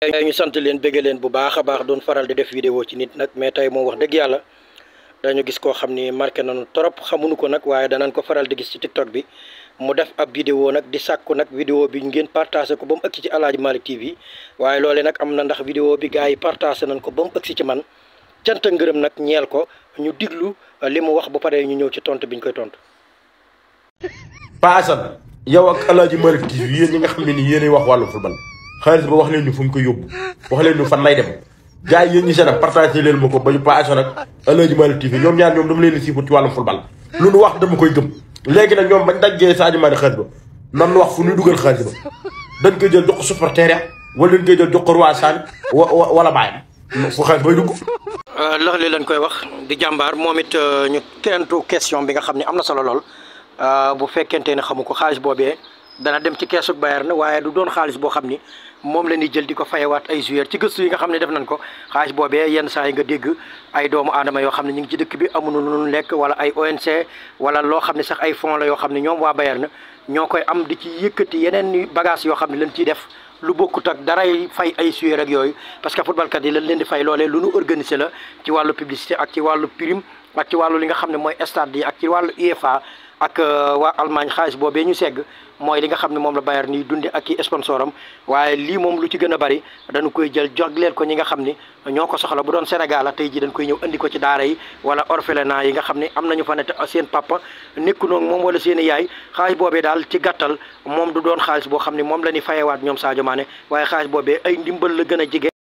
tey ñu sant leen bëgg leen bu baax baax doon faral di def vidéo ci nit nag mais tey moom wax dëgg yàlla dañu gis koo xam ni marqué nañu trop xamuñu ko nag waaye danañ ko faral di gis ci TikTok bi mu def ab vidéo nag di sàkku nag vidéo bi ngeen partagé ko ba mu ëgg ci Aladji Malick TV waaye loolee nag am na ndax vidéo bi gars yi partagé nañ ko ba mu ëgg ci man cant ngërëm nag ñeel ko ñu diglu euh, li mu wax bu paree ñu ñëw ci tont bi ñu koy tontu. Pa Assane yow ak Aladji Malick TV yéen ñi nga xam ne nii yéenay wax wàllu football xaalis ba wax leen ñu fu mu ko yóbbu wax leen fan lay dem gars yi yéen ñi seen partagé leen ma ko ba ñu passé ñoom ñaar ñoom leen di ci wàllum football lu nu wax dama koy gëm léegi nag ñoom bañ daggee Sadio Mané xaalis ba nu wax fu ñuy dugal xaalis ba dañ koy jël jox ko supporter ya wala dañ koy jël jox ko roi Sane euh, lañ koy wax di jàmbaar moom it euh, ñu tentu question bi nga xam ne am na solo lool euh, bu fekkente ne xamu ko xaalis boobee dana dem ci keesu Bayern waaye du doon xaalis boo xam ni moom la ñuy jël di ko fayewaat ay joueurs ci gëstu yi nga xam ne def nañ ko xaalis boobee yenn saa yi nga dégg ay doomu aadama yoo xam ne ñu ngi ci dëkk bi amunu lu ñu lekk wala ay ONC wala loo xam ne sax ay fonds la yoo xam ne ñoom waa Bayern ñoo koy am di ci yëkkati yeneen bagage yoo xam ne lañ ciy def lu bokkut ak daray fay ay joueurs ak yooyu parce que footballkat yi lañ leen di fay loole lu ñu organiser la ci wàllu ak ci wàllu prime ci wàllu li nga xam ne mooy stade yi ak ci wàllu UEFA ak euh, waa Allemagne xaalis boobee ñu segg mooy li nga xam ne moom la Bayern ni dundi ak i sponsor am waaye lii moom lu ci gën a bari dana koy jël jogleel ko ñi nga xam ni ñoo ko soxla bu doon Sénégal a tey ji dañ koy ñëw indi ko ci daara yi wala orphelinat yi nga xam ne am nañu fa ne te seen papa nekku noonu moom wala seen yaay xaalis boobee daal ci gàttal moom du doon xaalis boo xam ne moom la ñuy fayewaat ñoom Sadio maane waaye xaalis boobee ay ndimbal la gën a jige